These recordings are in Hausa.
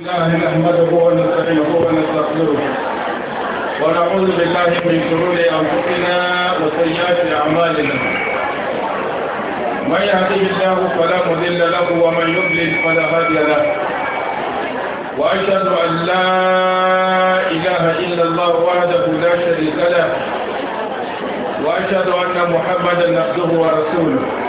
الله نحمده ونستعينه ونستغفره ونعوذ بالله من شرور انفسنا وسيئات اعمالنا من يهده الله فلا مذل له ومن يضلل فلا هادي له واشهد ان لا اله الا الله وحده لا شريك له واشهد ان محمدا عبده ورسوله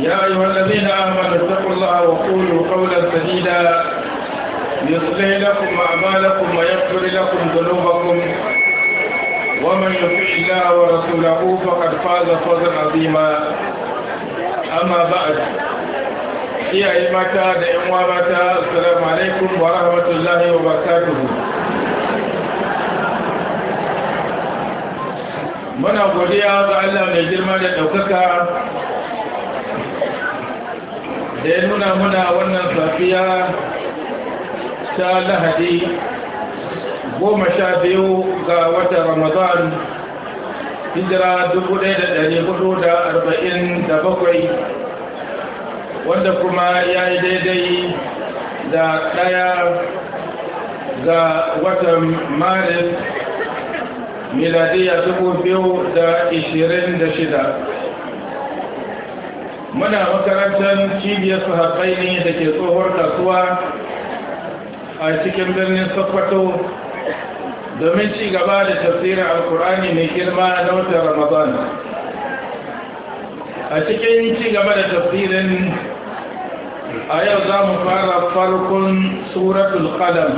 يا أيها الذين آمنوا اتقوا الله وقولوا قولا سديدا يصلح لكم أعمالكم ويغفر لكم ذنوبكم ومن يطع الله ورسوله فقد فاز فوزا عظيما أما بعد يا إمتا دعوا متا السلام عليكم ورحمة الله وبركاته muna godiya ga Allah mai girma da ɗaukaka da ya nuna muna wannan safiya ta lahadi goma sha biyu ga wata ramadan hijira bakwai, wanda kuma ya yi daidai da ɗaya ga watan maris miladiya shida. muna makarantar cibiyar haƙai ne da ke tsohuwar kasuwa a cikin birnin sokoto domin ci gaba da tafsirin alkur'ani mai girma na watan ramadan a cikin ci gaba da tafsirin a yau za mu fara farkon suratul qalam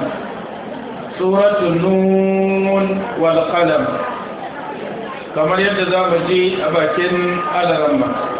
suratul nun wal qalam kamar yadda za mu ji a bakin alaramma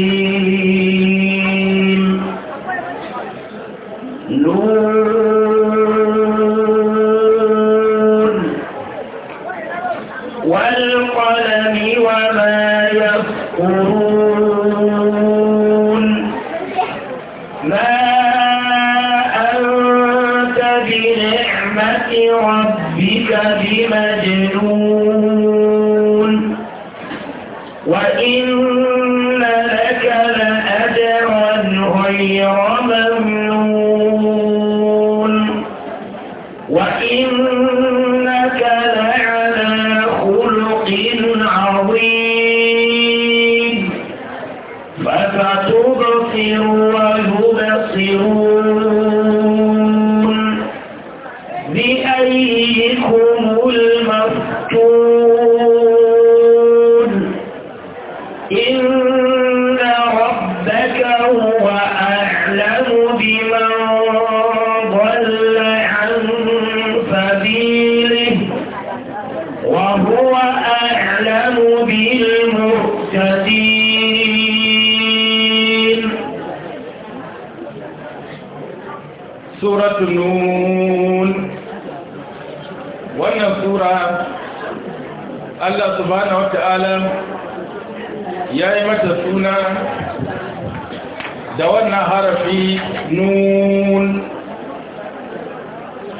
da wannan harafi nun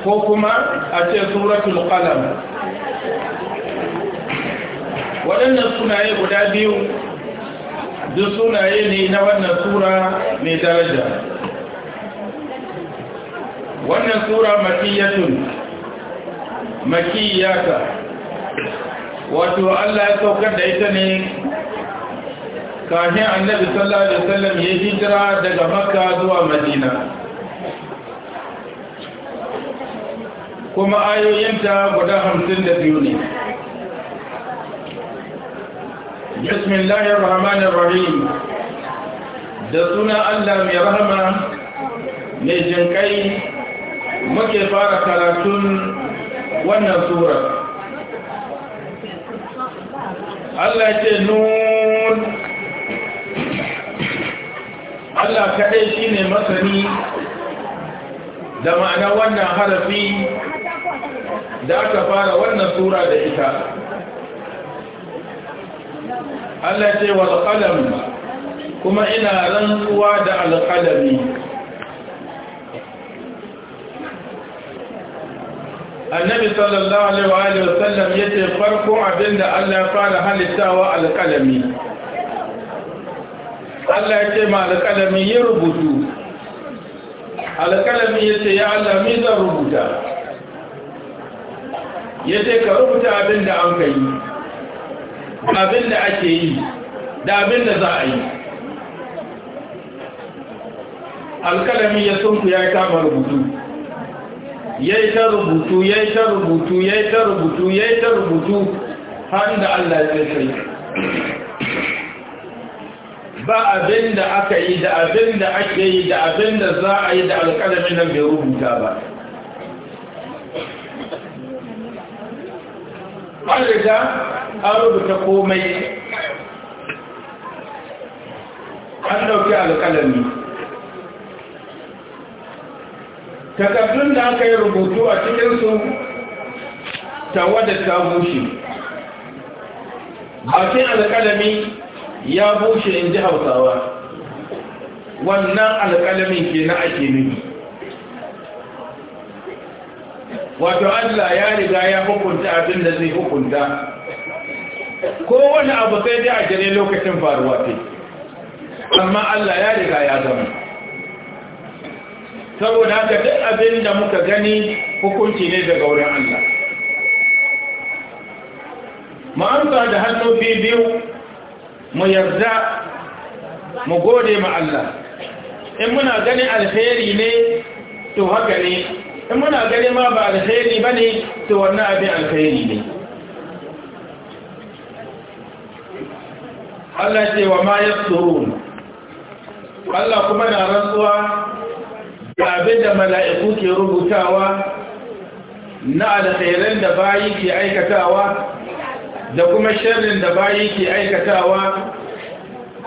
ko kuma a ce suratul qalam waɗannan sunaye guda biyu duk sunaye ne na wannan sura mai daraja wannan sura makiyatun makiyata wato Allah ya saukar da ita ne kafin annabi sallallahu alaihi wasallam ya hijira daga makka zuwa madina kuma ayoyinta guda hamsin da biyu ne bismillahirrahmanirrahim da suna allah mai rahama mai jinkai muke fara karatun wannan sura Allah ce nun Allah kaɗai shi ne masani da ma'ana wannan harafi da aka fara wannan sura da ita Allah ce wa alƙalam kuma ina rantsuwa da alƙalami annabi sallallahu alaihi wa sallam ya yace farko abinda Allah ya fara halittawa alƙalami Allah ya ce ma alƙalami ya rubutu alƙalami ya ce ya Allah mi zan rubuta ya ce ka rubuta abin da an ka yi abin da ake yi da abin da za a yi alƙalami ya sunku ya kama rubutu ya yi ta rubutu ya yi ta rubutu ya yi ta rubutu ya yi ta rubutu har da Allah ya tsaye ba abin da aka yi da abin da ake yi da abin da za a yi da alƙalamin nan bai rubuta ba an riga an rubuta komai an ɗauki alƙalami takardun da aka yi rubutu a cikinsu tawadda ta bushe bakin alƙalami ya bushe in ji hausawa wannan alƙalamin ke na ake nufi wato allah ya riga ya hukunta abin da zai hukunta kowane abu sai dai a gane lokacin faruwa ce amma allah ya riga ya zama saboda haka duk abin da muka gani hukunci ne daga wurin allah ma'amsa da hannu biyu mu yarda mu gode ma Allah in muna ganin alheri ne to haka ne in muna ganin ma ba alheri ba ne to wannan abin alheri ne Allah ce wa ma ya Allah kuma na rantsuwa da abin da mala'iku ke rubutawa na alheran da bayi ke aikatawa da kuma shirin da bayi ke aikatawa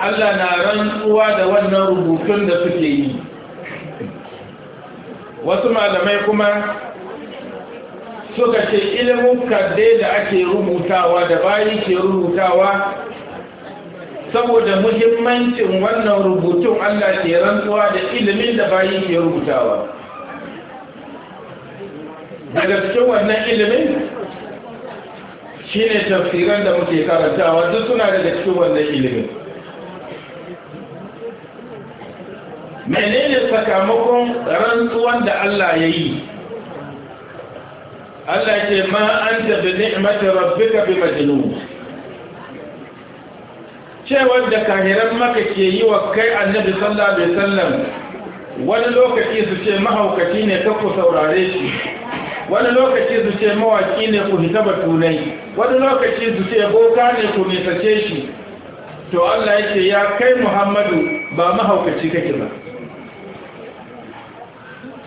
Allah na rantsuwa da wannan rubutun da suke yi wasu malamai kuma suka ce ilimin kadde da ake rubutawa da bayi ke rubutawa saboda muhimmancin wannan rubutun Allah ke rantsuwa da ilimin da bayi ke rubutawa daga cikin wannan ilimin ne tafsiran da muke karantawa duk suna daga cikin wannan ilimin menene sakamakon rantsuwan da Allah ya yi Allah ce ma an bi ni'mata rabbika bi majnun cewar da kahiran maka ke yi wa kai annabi sallallahu alaihi wasallam wani lokaci su ce mahaukaci ne ka ku saurare shi wani lokaci su ce mawaki ne ku hita batunai wani lokaci su ce boka ne ku nisace shi to Allah yake ya kai Muhammadu ba mahaukaci kake ba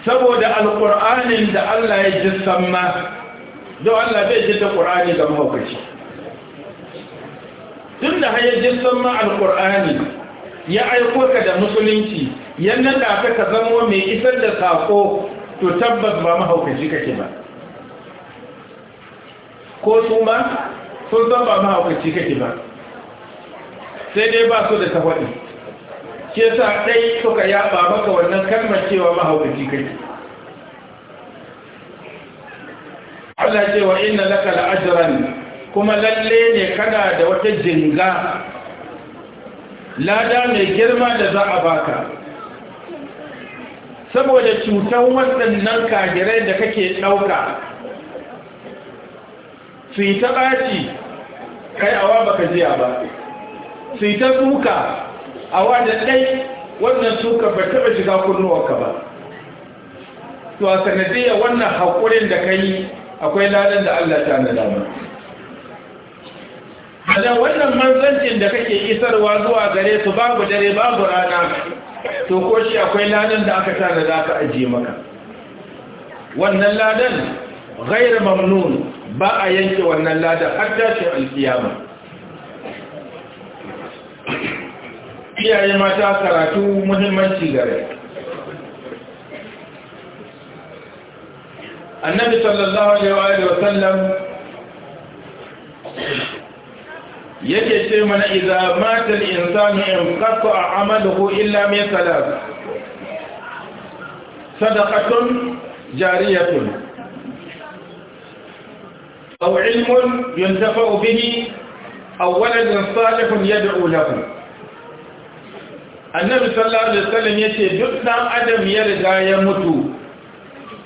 saboda alƙur'anin da Allah ya ji samma don Allah bai ji da ƙur'ani ga mahaukaci tun da haya ji samma alƙur'ani ya aiko ka da musulunci yannan da aka ka zama mai isar da saƙo to tabbas ba mahaukaci kake ba ko su sun san ba mahaukaci kake ba sai dai ba su da ta tafaɗi ke sa ɗai suka yaɓa maka wannan kalmar cewa mahaukaci kake Allah ce wa inna laka kuma lalle ne kana da wata jinga lada mai girma da za a baka saboda cutar waɗannan kagirai da kake ɗauka su yi ta ɓaci kai awa baka jiya ba su yi ta tsuka awa da ɗai wannan tsuka ba taɓa shiga kunnuwarka ba to a sanadiyar wannan haƙurin da ka yi akwai ladan da Allah ta nada ba da wannan manzancin da kake isarwa zuwa gare su babu dare babu rana to ko shi akwai ladan da aka tana za ka aje maka wannan ladan غير ممنون با ايت ونلا ده حتى شو القيامه في النبي صلى الله عليه وسلم yake ce mana idza mata al-insanu inqata amaluhu illa min salat sadaqatun jariyatun aw ilmun yuntafa'u bihi aw waladun salihun yad'u lahu annabi sallallahu alaihi wasallam yace duk dan adam ya riga ya mutu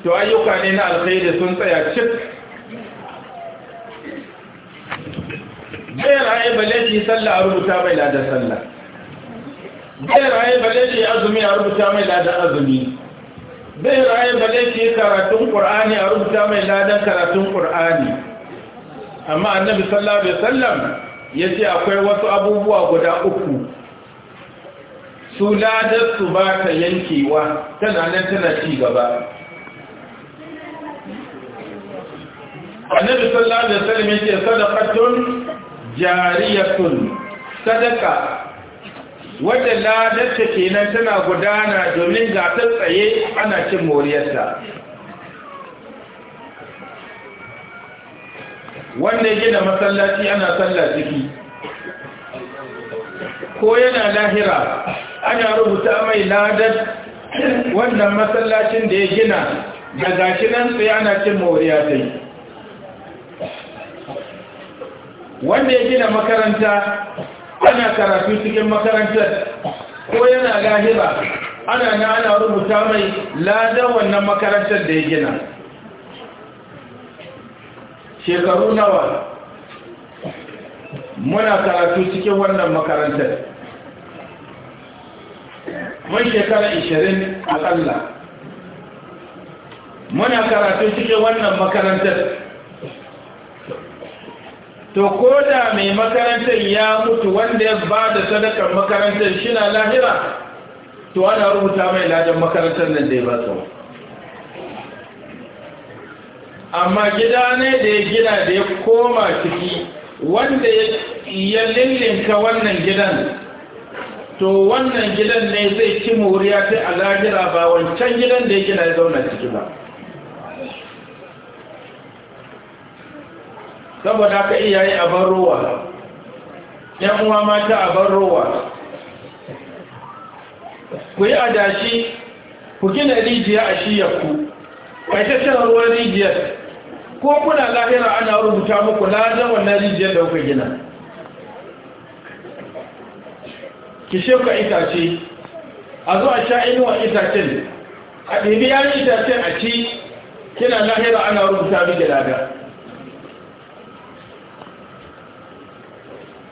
to ayyuka ne na alkhairi sun tsaya cik غير عيب الذي صلى sallah a rubuta mai غير sallah الذي raye balle shi azumi a rubuta mai الذي azumi القران raye balle shi karatun القران a rubuta mai karatun amma annabi sallallahu alaihi wasallam yace akwai wasu abubuwa guda uku su ladar su ba ta yankewa tana nan tana ci gaba annabi sallallahu alaihi wasallam yace sadaqatun jariyatun sadaka wadda ladarta kenan tana gudana domin ga ta tsaye ana cin moriyarta wanda ya gina masallaci ana sallah ciki ko yana lahira ana rubuta mai ladar wannan masallacin da ya gina da gashi nan tsaye ana cin moriyarta wanda ya gina makaranta ana karatu cikin makarantar ko yana lahiba ana na ana rubuta mai ladan wannan makarantar da ya gina shekaru nawa muna karatu cikin wannan makarantar mun shekara 20 akalla muna karatu cikin wannan makarantar to ko da mai makarantar ya mutu wanda ya ba da sadakar makarantar shi na lahira to ana rubuta mai lajin makarantar nan da ya ba tsawo amma gida ne da ya gina da ya koma ciki wanda ya lillinka wannan gidan to wannan gidan ne zai ci moriya ta a lahira ba wancan gidan da ya gina ya zauna ciki ba saboda ka iyaye a bar rowa yan uwa mata a bar rowa ku yi adashi ku gina rijiya a shiyarku a ita cin ruwan rijiyar ko kuna lahira ana rubuta muku ladan wannan rijiyar da kuka gina ki shauka itace a zuwa a sha inuwa itacen a ɗibi yayin itacen a ci kina lahira ana rubuta miki ladan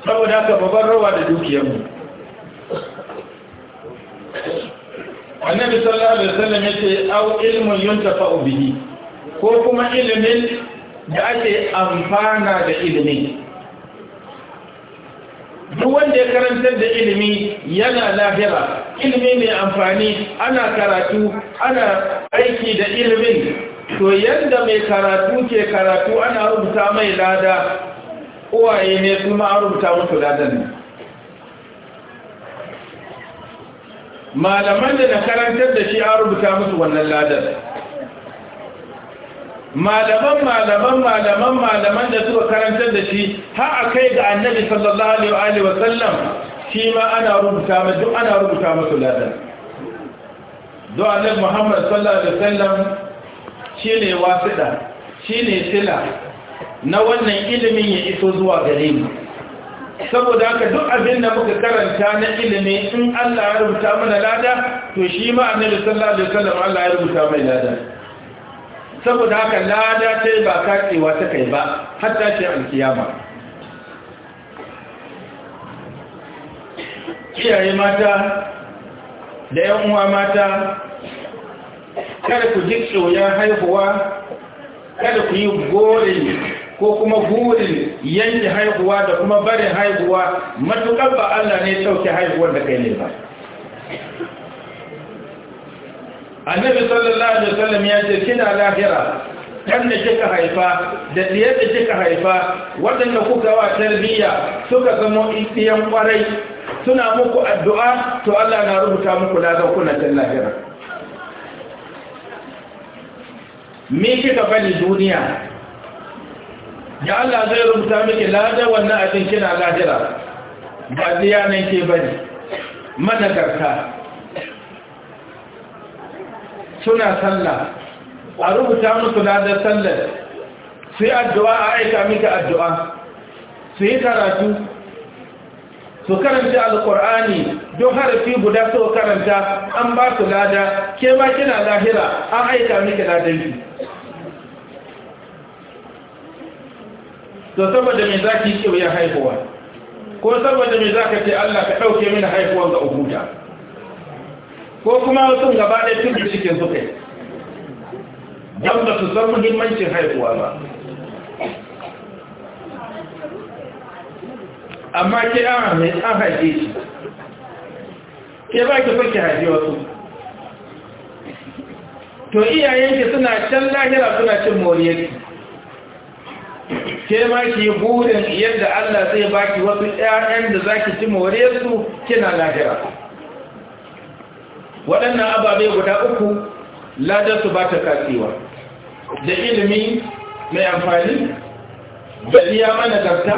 saboda haka babban rawa da dukiyarmu annabi sallallahu alaihi wasallam yace au ilmu yuntafa bihi ko kuma ilimin da ake amfana da ilimi duk wanda ya karantar da ilimi yana lahira ilmi mai amfani ana karatu ana aiki da ilimin to yadda mai karatu ke karatu ana rubuta mai lada uwaye ne su ma rubuta musu ladan ne malaman da na karantar da shi an rubuta musu wannan ladan malaman malaman malaman malaman da suka karantar da shi har a kai ga annabi sallallahu alaihi wa sallam shi ma ana rubuta ma duk ana rubuta musu ladan don annabi muhammad sallallahu alaihi wa sallam shine wasida shine sila na wannan ilimin ya iso zuwa gare mu saboda haka duk abin da muka karanta na ilimi in Allah ya rubuta mana lada to shi ma annabi sallallahu alaihi wasallam Allah ya rubuta mai lada saboda haka lada ta ba katsewa ta kai ba har ta ce alkiyama iyaye mata da yan uwa mata kada ku ji ya haihuwa kada ku yi gore ko kuma burin yanke haihuwa da kuma barin haihuwa matuƙar ba Allah ne sauke haihuwar da kai ne ba annabi sallallahu alaihi wasallam ya ce kina lahira kan da kika haifa da diyar da kika haifa waɗanda kuka wa tarbiyya suka zama istiyan kwarai suna muku addu'a to Allah na rubuta muku ladan kuna can lahira me kika bani duniya ya Allah zai rubuta miki lada wannan abin kina lahira ba ziya nan ke bane Manakarta suna sallah a rubuta musu lada sallar su yi addu'a a aika miki addu'a su yi karatu su karanta alkur'ani don harafi guda so karanta an ba su lada ke ma kina lahira an aika miki ladanki to saboda me za ki kiwon haihuwa ko saboda me za ka ce Allah ka ɗauke mini haifuwa ga ubuta ko kuma wasu gaba ɗaya tun cikin su kai don ba su san muhimmancin haihuwa ba amma ke an mai an haife shi ke ba ki fake haife wasu to iyayenki suna can lahira suna cin moriyarki ke ma ki burin yadda Allah zai baki wasu ƴaƴan da zaki ci more su kina lahira waɗannan ababe guda uku ladar su ba ta katsewa da ilimi mai amfani da iya mana gafta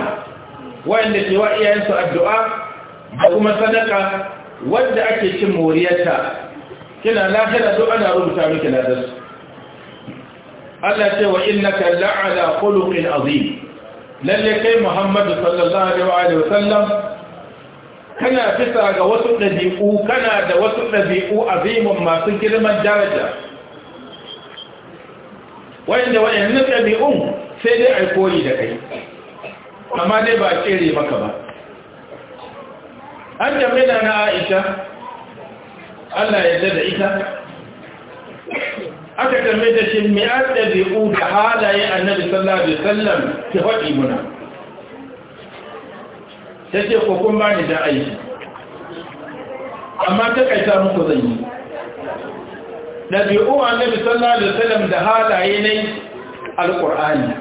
wanda ke wa su addu'a da kuma sadaka wanda ake cin moriyarta kina lahira duk ana rubuta miki ladarsu Allah ce wa innaka la'ala khuluqin azim lalle kai Muhammadu sallallahu alaihi wa sallam kana bisa ga wasu dabi'u kana da wasu dabi'u azimun masu girman daraja wanda wayannan dabi'un sai dai ai koyi da kai amma dai ba kere maka ba an jami'a na Aisha Allah ya da ita aka tambaye da shi me an ɗabi'u da halaye annabi sallallahu alaihi wasallam ki faɗi muna ta ce ko ba ni da aiki amma ta kaita muku zan yi ɗabi'u annabi sallallahu alaihi sallam da halaye ne alƙur'ani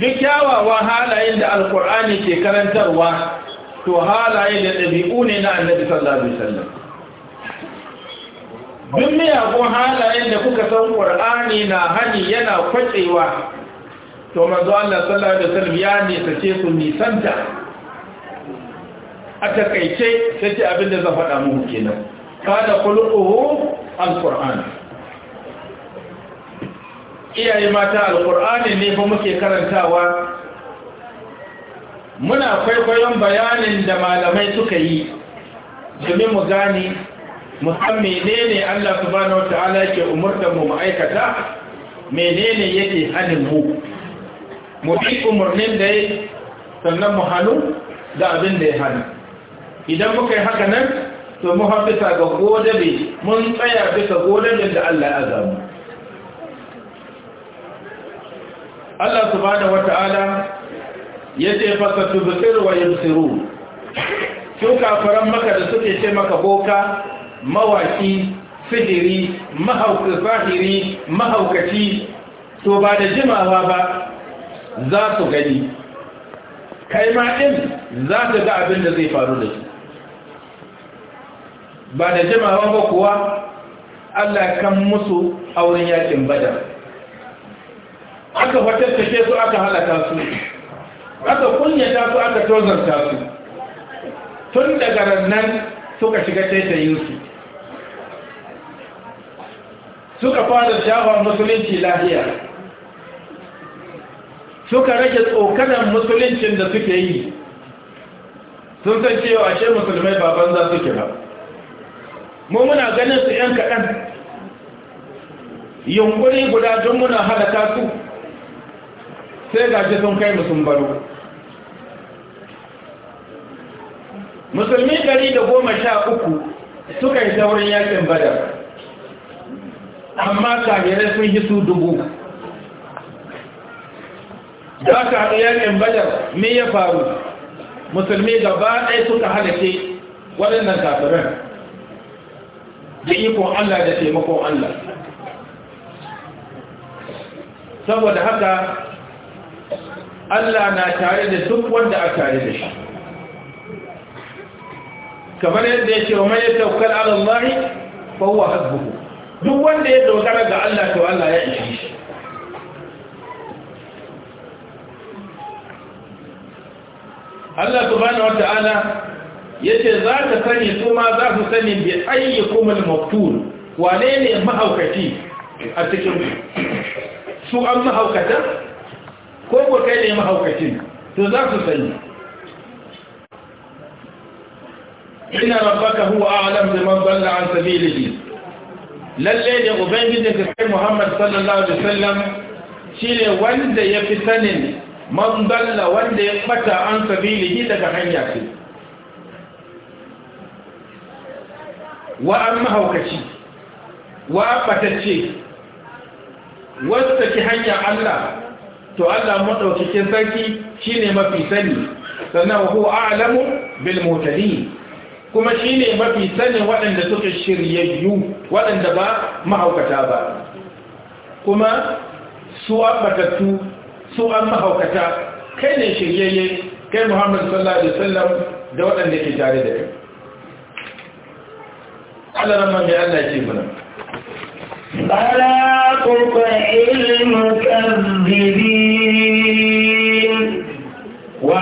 duk kyawawan halayen da alƙur'ani ke karantarwa to halaye da ɗabi'u ne na annabi sallallahu alaihi wasallam duk miyagun halayen da kuka san ƙur'ani na hani yana kwacewa to manzo Allah sallallahu alaihi wasallam ya ce su nisanta a takaice sai ce abin da zan faɗa muku kenan kada khuluquhu alquran iyaye mata alqur'ani ne fa muke karantawa muna kwaikwayon bayanin da malamai suka yi domin mu gane musamman ne Allah subhanahu wa ta'ala yake umurtar mu ma'aikata menene yake hanin mu mu bi umarnin da ya sannan mu hannu da abin da ya hannu idan muka yi haka nan to mu hafisa ga godabe mun tsaya bisa godabin da Allah ya azamu Allah subhanahu wata'ala ya ce fasa tubsir wa yubsiru su kafaran maka da suke ce maka boka mawaki fijiri mahaukar fahiri mahaukaci to ba da jimawa ba za su gani kai ma ɗin za su ga abin da zai faru da su ba da jimawa ba kuwa Allah kan musu auren yakin badar aka fatattake su aka halaka su aka kunyata su aka tozarta su tun daga nan suka shiga taitayinsu suka fara shafa musulunci lahiya. suka rage tsokanan musuluncin da suke yi sun san cewa ashe musulmai baban za suke ba mu muna ganin su 'yan kaɗan yunkuri guda don muna halaka su sai gashi sun kai musun baro musulmi 113 suka yi saurin yakin badar amma kafirai sun yi su dubu da aka haɗu yakin badar me ya faru musulmi gaba ɗaya suka halace waɗannan kafiran da ikon Allah da taimakon Allah saboda haka Allah na tare da duk wanda a tare da shi kamar yadda ya ce wa mai taukar alallahi fa huwa hasbuhu duk wanda ya dogara ga Allah to Allah ya ishe shi Allah subhanahu wata'ala yace za ka sani su ma za su sani bi ayyukum al-maqtul wane ne mahaukaci a cikin su an mahaukata ko ko kai ne mahaukacin to za su sani inna rabbaka huwa a'lam man dalla an sabilihi lalle da ubangijin ka kai muhammad sallallahu alaihi wasallam shine wanda ya fi sanin man dalla wanda ya bata an sabilihi daga hanya ce wa an mahaukaci wa an batacce wanda ki hanya Allah to Allah madaukakin sarki shine mafi sani sannan huwa a'lamu bil mutadin kuma shi ne mafi sanin waɗanda suka biyu waɗanda ba mahaukata ba kuma su an matattu, su an mahaukata kai ne shiryayye kai muhammadu sallallahu alaihi wasallam da waɗanda ke tare da kai Allah rama mai Allah ce muna bala kuka ilmu kazzibin wa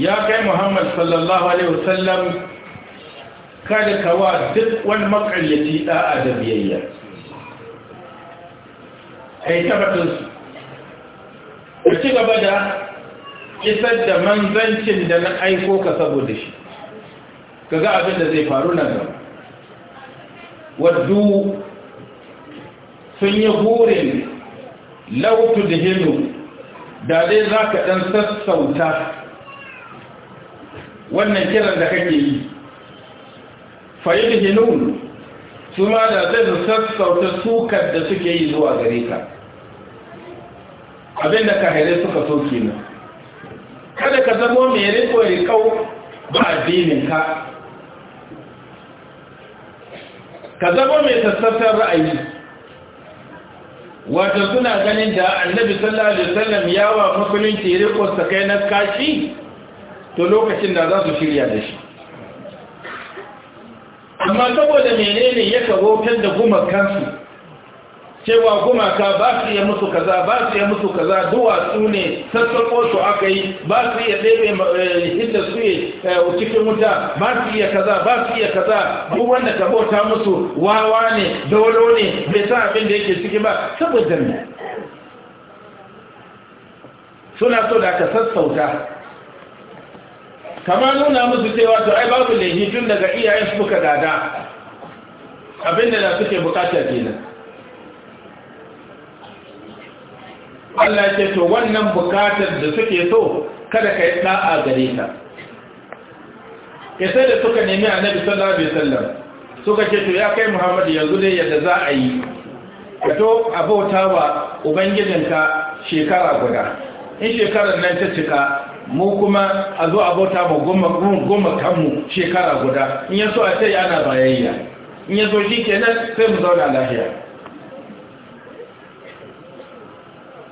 ya kai muhammad sallallahu alaihi wasallam kada ka wa duk wani makaryaci da'a da biyayya a yi tabbatinsu ci gaba da isar da manzancin da na aiko ka saboda shi ka ga abin da zai faru nan gaba waddu sun yi hurin lautu da hinu da dai za ka ɗan sassauta wannan kiran da kake yi fayyar nun su ma da zai sassauta sukar da suke yi zuwa gare ka abinda ka haire suka so kenan kada ka zama mai riko kau ba addinin ka ka zama mai sassautar ra'ayi wato suna ganin da annabi sallallahu alaihi wasallam yawa mafilin ke riko sakai na kashi to lokacin da za su shirya da shi amma saboda menene ya kawotar da gumakansu cewa gumaka ba su iya musu kaza ba su iya musu kaza duwatsu ne sassaƙo su aka yi ba su iya ɗebe eh, hidda su yi eh, cikin wuta ba su iya kaza ba su iya kaza duk wanda ka bauta musu wawa ne dolo ne bai sa abin da yake ciki ba saboda ne suna so da aka sassauta kama nuna musu cewa to ai babu laifi tun daga iyayen buka gada abinda da suke bukatar kenan Allah ce to wannan bukatar da suke so kada ka yi da'a gare ta sai da suka nemi annabi sallallahu alaihi wasallam suka ce to ya kai Muhammad yanzu dai yadda za a yi ka to bauta wa ubangijinka shekara guda in shekarar nan ta cika mu kuma a zo a bauta ma goma kanmu shekara guda in ya so a ce yana bayayya in ya so shi kenan sai mu zauna lafiya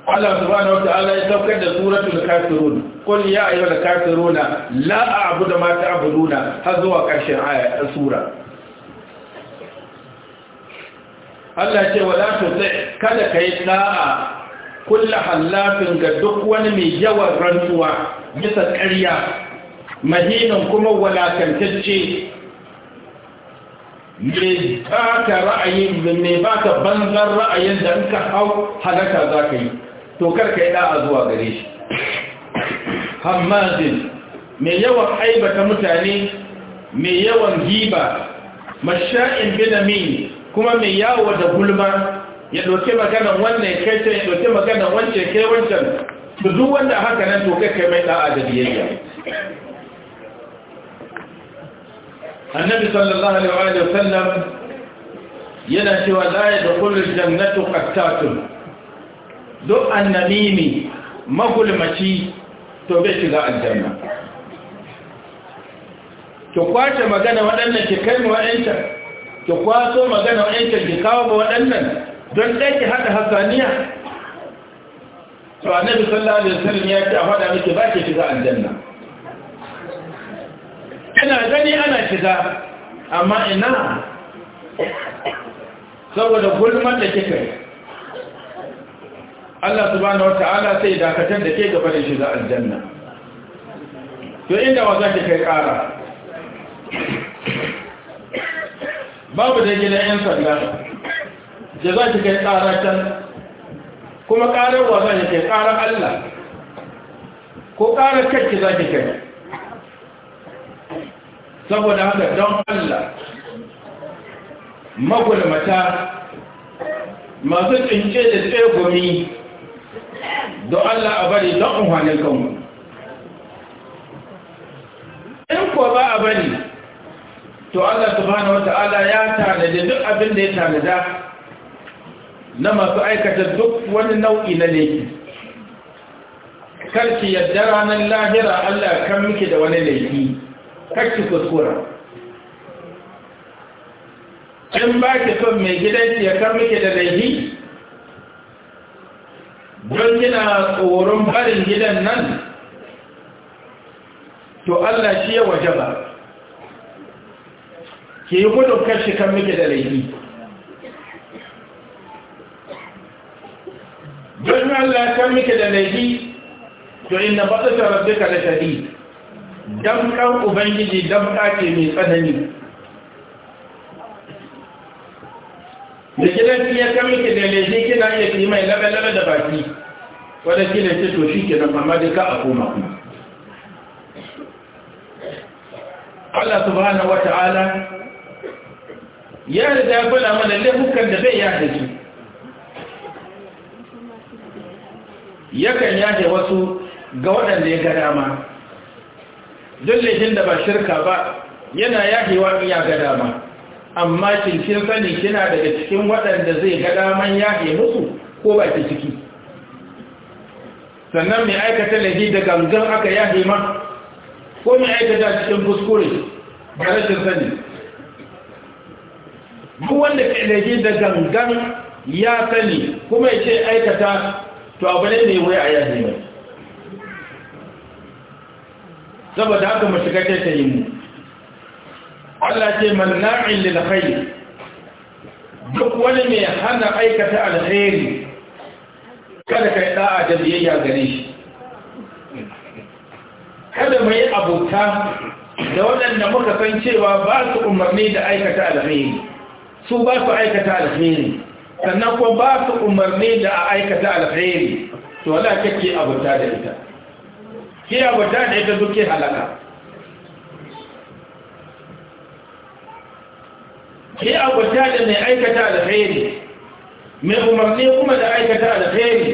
Allah subhanahu ta'ala ya saukar da suratul kafirun qul ya ayyuhal kafiruna la a'budu ma ta'buduna har zuwa ƙarshen aya sura Allah ce wala tuti kada kai da'a kullu halafin ga duk wani mai yawan rantsuwa bisa ƙarya mahinan kuma walakantacce mai ba ka ra'ayin mai ba ka banzan ra'ayin da in ka hau halaka za ka yi to karka yi da'a zuwa gare shi hamazin mai yawan aibata mutane mai yawan giba masha'in binami kuma mai yawo da gulma ya ɗauki maganan wannan kai can ya ɗauki maganan wancan kai wancan to duk wanda haka nan to kai mai da'a da biyayya annabi sallallahu alaihi wa sallam yana cewa la yadkhulul jannatu qattatun duk annabini, magulmaci to bai shiga aljanna ki kwace magana waɗannan ki kai mu wa'ancan, ki kwaso magana wa'ancan ki kawo wa waɗannan don ɗan ki haɗa hasaniya to annabi sallallahu alaihi wasallam ya ce a faɗa miki ba ke shiga aljanna ina gani ana shiga amma ina saboda gulman da kika yi Allah subhanahu wata'ala sai dakatar da ke gaba da shiga aljanna to inda wa za ki kai ƙara babu da gina 'yan sanda da za ki kai kara can kuma ƙarar wasa ne ke ƙarar Allah ko ƙarar kacce za ki kai saboda haka don Allah magulmata masu tsince da tsegomi, don Allah a bari don amfanin kanmu in ko ba a bari to Allah subhanahu ta'ala ya tanadi duk abin da ya tanada na masu aikata duk wani nau'i na laifi karki yadda ranar lahira Allah kan miki da wani laifi karki kuskura in ba ki son mai gidanki ya kan da laifi don gina tsoron barin gidan nan to Allah shi ya waje ba ki yi gudun kashi kan miki da laifi in Allah ya san miki da laifi to inna batata rabbika la shadid damkan ubangiji damka ce mai tsanani da gidan ya san miki da laifi kina iya ki mai labe-labe da baki wadda kina ce to shi kenan amma dai ka a koma kuma Allah subhanahu wata'ala ya riga ya mana laifukan da bai yafe shi. yakan yaje wasu ga waɗanda ya ga dama don laifin da ba shirka ba yana yahewa iya ga dama amma cikin sani kina daga cikin waɗanda zai ga daman yahe musu ko ba ke ciki sannan mai aikata laifi da gangan aka yahe ma ko mai aikata cikin kuskure ba rashin sani duk wanda ke da gangan ya sani kuma ya ce aikata to abu ne ne wai a yaje mai saboda haka mu shiga ta yi mu Allah ce manna'in lil khair duk wani mai hana aikata alkhairi kada kai da'a da biyayya gare shi kada mu yi abuta da waɗanda muka san cewa ba su umarni da aikata alkhairi su ba su aikata alkhairi sannan ko ba su umarni da a aikata alkhairi to wala kake abuta da ita ke abuta da ita duke halaka ke abuta da mai aikata alkhairi mai umarni kuma da aikata alkhairi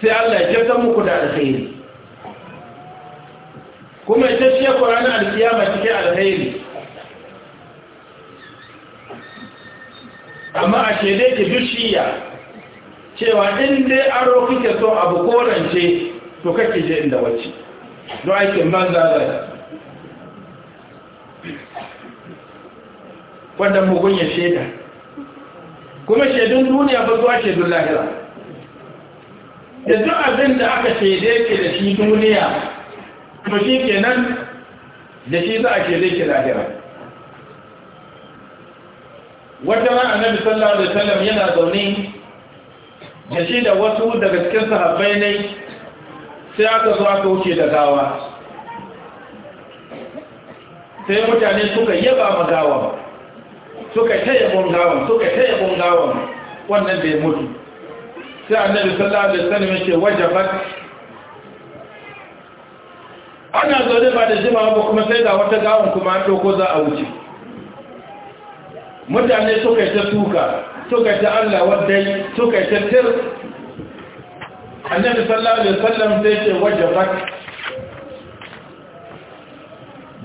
sai Allah ya kyauta muku da alkhairi kuma ita ce Qur'ani alkiyama cikin alkhairi amma a shaidai ki duk shiya cewa inda dai aro kuke so abu korance to kake je inda wacce don aikin banza zai wanda mugun ya shaida kuma shaidun duniya ba zuwa shaidun lahira da duk abin da aka shaidai ke da shi duniya kuma shi kenan da shi za a shaidai ke lahira wata ran annabi sallallahu alaihi wasallam yana zaune da shi da wasu daga cikin sahabbai ne sai aka zo aka wuce da gawa sai mutane suka yaba ma gawa suka taya bon gawa suka taya bon gawa wannan bai mutu sai annabi sallallahu alaihi wasallam yake wajabat ana zaune ba da jima'a ba kuma sai ga wata gawan kuma an doko za a wuce mutane suka yi ta tuka suka yi ta Allah yi suka yi ta tir annabi sallallahu alaihi wasallam sai ce wajabat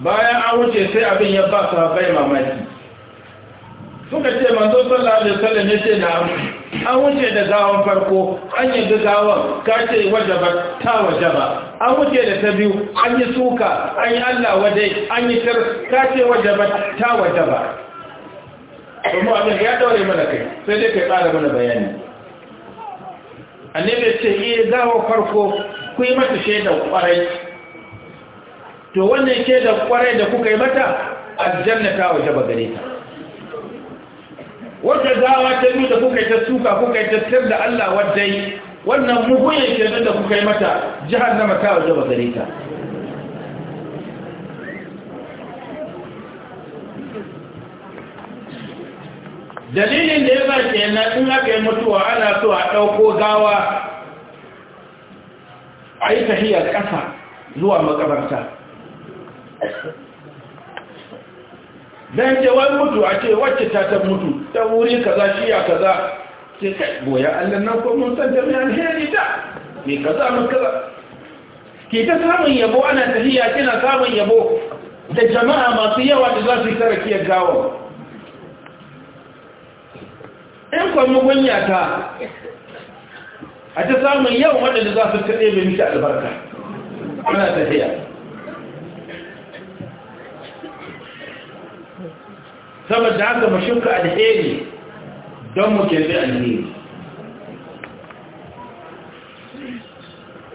bayan an wuce sai abin ya ba su haɓai mamaki suka ce manzo sallallahu alaihi wasallam ya ce na an wuce da gawan farko an yi gawan ka ce wajaba ta wajaba an wuce da ta biyu an yi suka an yi Allah wadai an yi tir ka ce wajaba ta wajaba kuma abin ya daure mana kai sai dai kai ƙara mana bayani annabi ya ce iya eh, zawo farko ku yi mata shaidar kwarai to wannan shaidar kwarai da kuka yi mata aljanna ta waje ba gare ta wata zawa ta yi da kuka yi ta suka kuka yi ta da Allah wadai wannan mugun yake da kuka yi mata jihar nama ta waje ba gare ta dalilin da ya ba na in aka yi mutuwa ana so a ɗauko gawa a yi tahiyar ƙasa zuwa makabarta don ce wani mutu a ce wacce ta ta mutu ta wuri kaza shiya kaza ce kai goya allan nan kuma mun san jami'an alheri ta mai kaza mun kaza ke ta samun yabo ana tahiya kina samun yabo da jama'a masu yawa da za su yi tarakiyar gawa in kwanu gunya ta a ta samun yawan waɗanda za su kaɗe bai miki albarka ana tafiya saboda haka mu ka alheri don mu zai alheri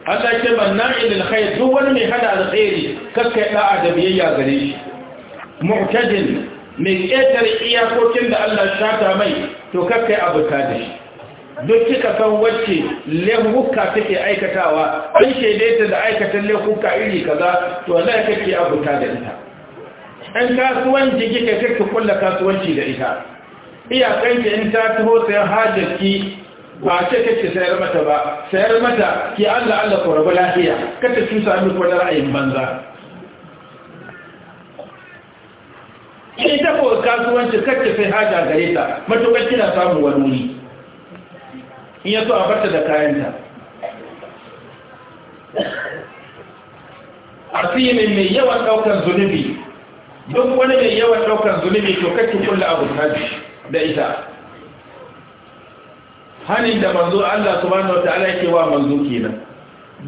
Allah ce ban ilil khair duk wani mai hada alheri kakkai ɗa'a da biyayya gare shi mu'tadil mai ƙetare iyakokin da Allah shata mai to kakkai abuta da shi duk kika san wacce lehuka take aikatawa an shaidaita da aikatan laifuka iri kaza to wallahi kake abuta da ita an kasuwanci kike kake kulla kasuwanci da ita iyakanki in ta taho sayan hajjarki ba ce kake sayar mata ba sayar mata ki Allah Allah ko rabu lafiya kada ki sami wani ra'ayin banza ita ko kasuwanci kacce sai haja gare ta matuƙar kina samun wani wuri in yaso a barta da kayanta A asimin mai yawan ɗaukar zunubi duk wani mai yawan ɗaukar zunubi to kacce kulla abu da ita hanin da manzo Allah subhanahu wataala yake wa manzo kenan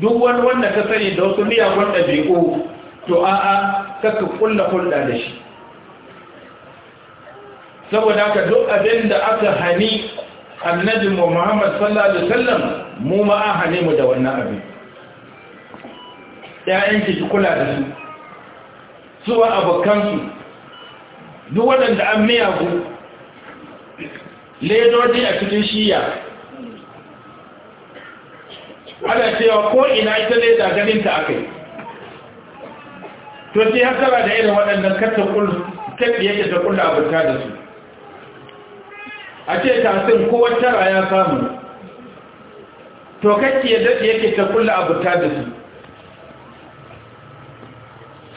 duk wani wanda ka sani da wasu miyagun ɗabi'u to a'a kaka kulla hulɗa da shi saboda ka duk abin da aka hani annabi mu Muhammad sallallahu alaihi wasallam mu ma a hane mu da wannan abin ƴaƴan ki kula da su wa abokan su duk waɗanda an miyagu ledoji a cikin shiya ana cewa ko ina ita da ganin ta akai to sai har da irin waɗannan kattakul kullu yake ta kulla abuta da su a ce tasin ko tara ya samu to kake yadda yake ta kulla abuta da su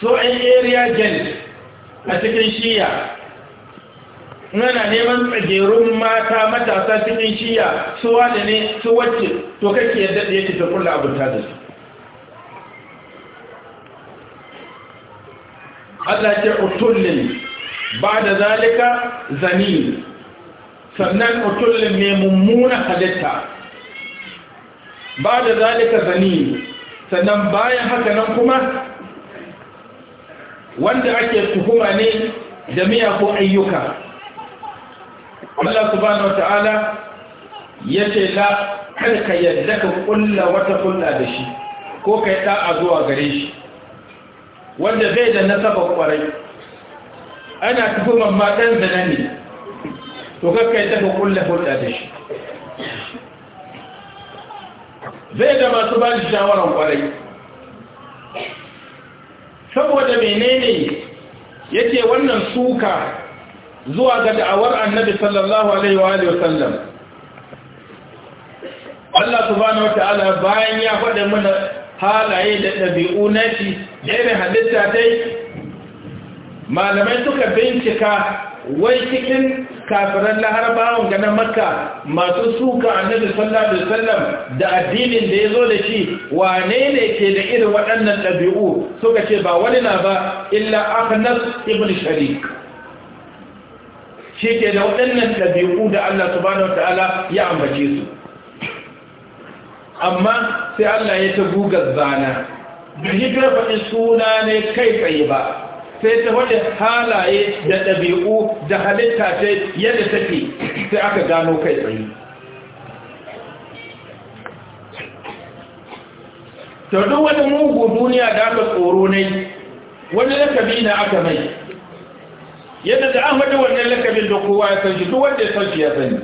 so an area gent a cikin shiya nuna neman tsagerun mata matasa cikin shiya su wane ne su wacce to kake yadda yake ta kulla abuta da su Allah ce utullin ba da zalika zanini sannan mutumin mai mummuna halitta ba da zalika zani sannan bayan haka nan kuma wanda ake tuhuma ne da miya ko ayyuka Allah subhanahu Ta'ala ya ce la karka yadda ka kulla wata kulla da shi ko ka yi zuwa gare shi wanda zai da nasabar kwarai ana tuhumar matan ɗan ne to kakka ita tafi kulle hulɗa da shi zai da masu ba shi shawarar kwarai saboda menene yake wannan suka zuwa ga da'awar annabi sallallahu alaihi wa sallam Allah subhanahu wata'ala bayan ya faɗa mana halaye da ɗabi'u na shi da irin halitta dai malamai suka bincika wai cikin kafiran larabawan ga na makka masu suka annabi sallallahu alaihi wasallam da addinin da ya zo da shi wane ne ke da irin waɗannan ɗabi'u suka ce ba wani na ba illa ahnas ibn sharik shi ke da waɗannan ɗabi'u da Allah subhanahu wataala ya ambace su amma sai Allah ya ta guga zana da suna ne kai tsaye ba sai ta wajen halaye da ɗabi'u da halitta ce yadda take sai aka gano kai tsaye duk wani mugu duniya da aka tsoro ne wani lakabi na aka mai yadda da an haɗe wannan lakabin da kowa ya san shi duk wanda ya san shi ya sani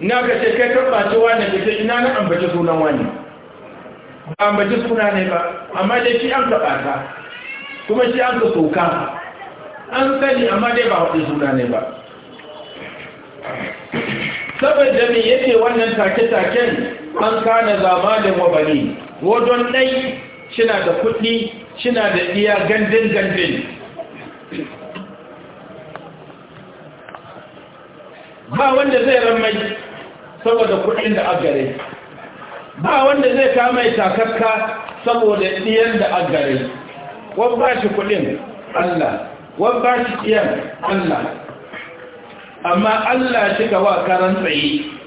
na ga ce kai karɓa ce wani ke ina na ambaci sunan wani ba ambaci suna ne ba amma dai shi an taɓa ta kuma shi an ka soka an sani amma dai ba haɗe suna ne ba saboda me yake wannan take-taken an kana zamanin wa bane wajen ɗai shina da kuɗi shina da iya gandun-gandun ba wanda zai ramai saboda kuɗin da agare ba wanda zai kama mai takakka saboda ɗiyan da agare wani ba shi kudin Allah wani ba shi ɗiyan Allah amma Allah shi wa karan tsaye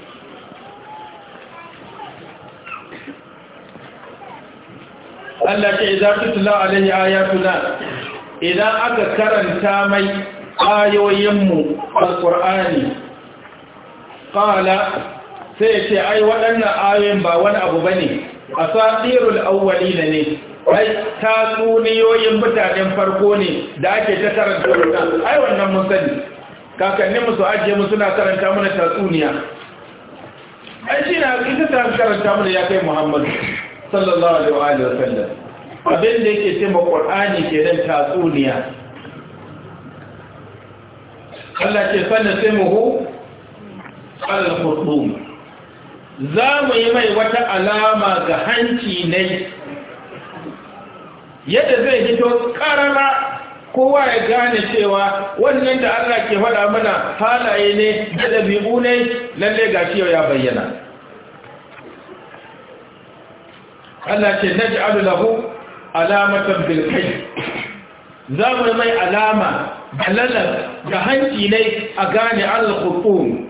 Allah ce idan a alayhi ayatuna idan aka karanta mai ayoyinmu al-Qur'ani qala sai ya ce ai waɗannan ayoyin ba wani abu ba ne a satirul awwali na ne ai tatsuniyoyin mutanen farko ne da ake ta karanta wuta ai wannan mun sani kakannin mu su ajiye mu suna karanta mana tatsuniya ai shi na ita ta karanta mana ya kai muhammadu sallallahu alaihi wa sallam abin da yake ce ma qur'ani ke kenan tatsuniya Allah ce sanna sai mu hu al-khurtum za mu yi mai wata alama ga hanci ne yadda zai hito karara kowa ya gane cewa wannan da Allah ke faɗa mana halaye ne da ɗabi'u ne lalle ga shi ya bayyana Allah ce naj'alu lahu alamatan bil kai za mu mai alama da ga hanci ne a gane al-khutum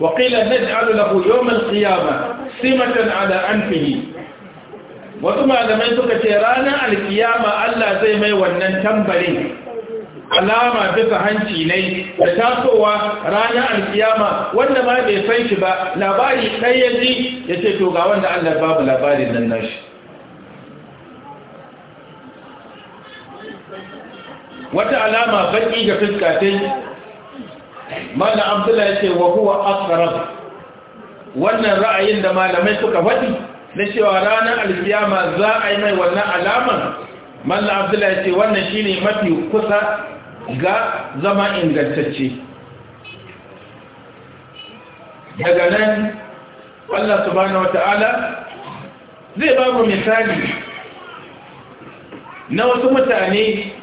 وقيل نجعل له يوم القيامة سمة على أنفه wasu malamai suka ce ranar alkiyama Allah zai mai wannan tambarin alama bisa hanci ne da tasowa ranar alkiyama wanda ma bai san ba labari kai ya ji ya ce to ga wanda Allah babu labarin nan nashi wata alama baki ga fuska mana abdullahi ce wa huwa aqrab wannan ra'ayin da malamai suka faɗi na cewa ranar alkiyama za a yi mai wannan alaman malla abdullahi ce wannan shine mafi kusa ga zama ingantacce daga nan Allah subhanahu wata'ala zai babu misali na wasu mutane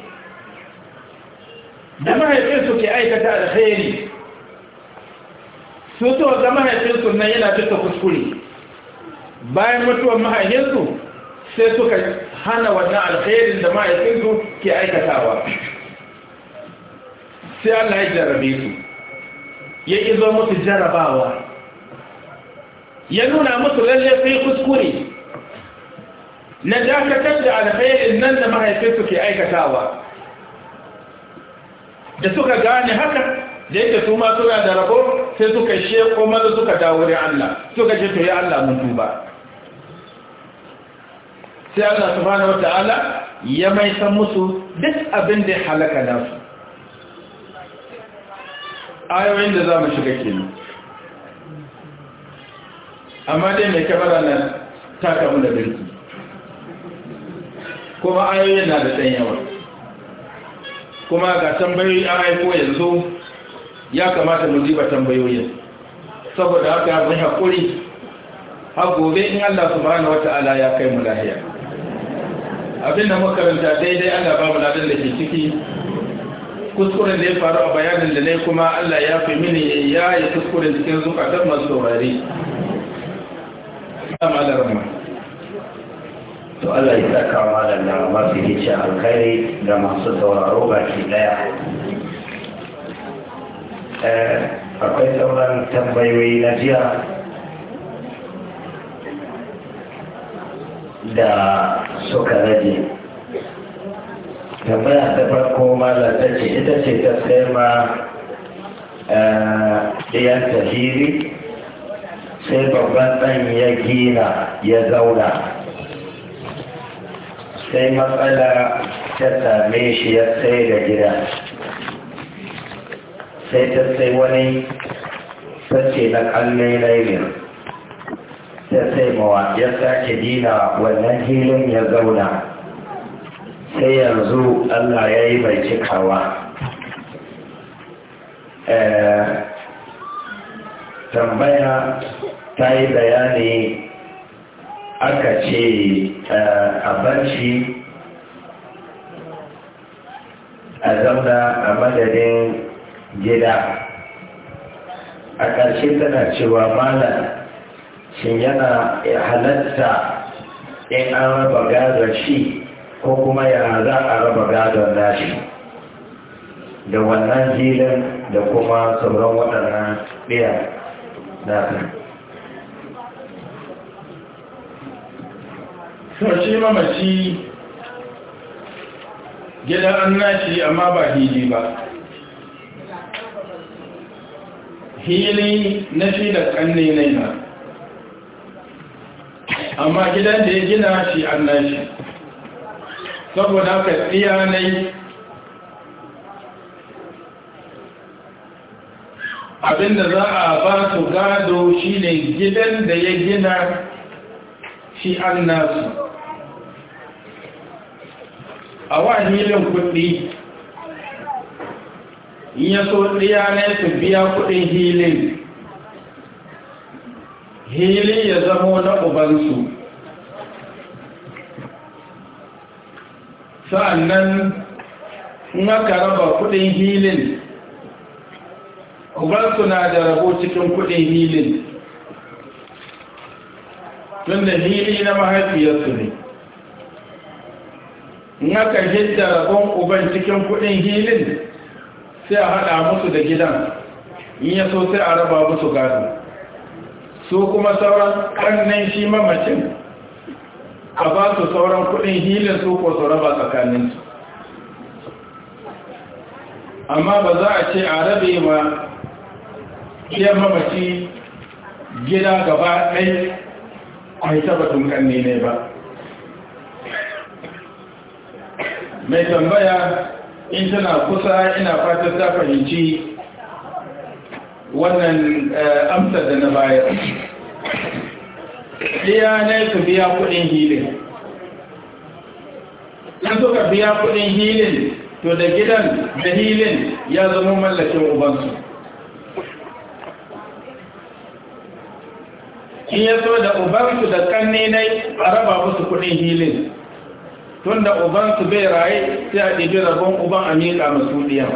da mahaifinsu ke aikata alkhairi su to ga mahaifinsu na yana cika kuskure bayan mutuwar mahaifinsu sai suka hana wannan alkhairin da mahaifinsu ke aikatawa sai Allah ya jarabe su ya izo musu jarabawa ya nuna musu lalle sai kuskure na dakatar da alkhairin nan da mahaifinsu ke aikatawa da suka gane haka da yake su ma suna da rabo sai suka ko maza suka dawo da Allah suka ce to ya Allah mun tuba sai Allah subhanahu wata'ala ya mai san musu duk abin da halaka su ayoyin da za mu shiga ke nan amma dai mai kamara nan ta kamu da birki kuma ayoyin na da ɗan kuma ga tambayoyi an aiko yanzu ya kamata mu jiba tambayoyin saboda haka zai hakuri har gobe in Allah subhanahu wata'ala ya kai mu lahiya abinda makaranta daidai Allah ba mu ladan da ke ciki kuskuren da ya faru a bayanin da ne kuma Allah ya fi mini ya yi kuskuren cikin zukatan masu saurari. Allah to Allah ya saka malam da masu hice alkhairi da masu sauraro baki daya eh, akwai sauran tambayoyi na jiya da suka rage tambaya ta farko malam ta ce ita ce ta sai ma ɗiyar eh, tahiri sai babban ɗan ya gina ya zauna sai matsala ta same shi ya tsaye da gida sai ta sai wani sace na kallon lailin ta sai mawa ya sake dina wannan hilin ya zauna sai yanzu allah ya yi mai cikawa eh, tambaya ta yi bayani aka ce eh, a barci a zauna a madadin gida a ƙarshe tana cewa malam shin yana halatta in an raba gadon shi ko kuma ya za a raba gadon nashi da wannan jilin da kuma sauran waɗannan ɗaya na to shi mamaci gidan an nashi amma ba hili ba hili na shi da kanne na na amma gidan da ya gina shi an nashi saboda na yi abinda za a ba su gado shi ne gidan da ya gina shi an nasu a wa hilin kuɗi in ya so ɗiya ne ya biya kuɗin hilin hilin ya zamo na ubansu sa'annan in aka raba kuɗin hilin ubansu na da rabo cikin kuɗin hilin tun da hili na mahaifiyarsu ne in aka hidda rabon uban cikin kudin hilin sai a hada musu da gidan in ya so sai a raba musu gado su kuma sauran karnin shi mamacin a ba su sauran kudin hilin su ko su raba tsakaninsu amma ba za a ce a rabe ma iya mamaci gida gaba ɗai a yi tabbatun kanne ne ba mai tambaya in tana kusa ina fatan ta fahimci wannan eh, amsar da na bayar biya na su biya kudin hilin in suka biya kudin hilin to da gidan da hilin ya zama mallakin ubansu in ya so da ubansu da kannenai a raba musu kudin hilin tun da su bai raye sai a ɗibi rabon uban a miƙa masu ɗiyan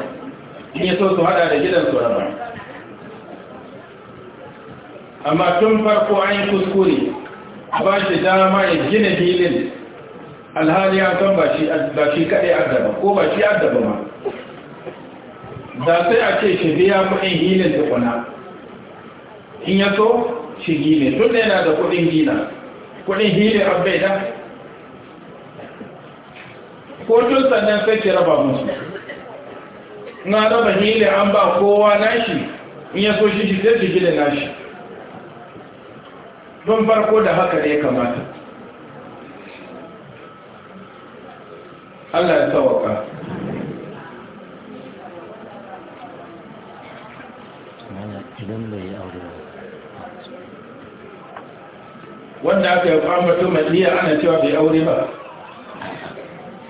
in yi so su haɗa da gidansu rama amma tun farko an yi kuskure a ba shi dama ya gina filin alhali ya kan ba shi kaɗai addaba ko ba shi daba ma da sai a ce shi biya kuɗin hilin kuna in ya so shi gine tun da yana da kuɗin gina kuɗin hilin da. ko tun sannan sai ke raba musu na raba hili an ba kowa nashi in ya so shi sai shi gida nashi don farko da haka ne ya kamata Allah ya tawaka wanda aka yi kwamfato mai ana cewa bai aure ba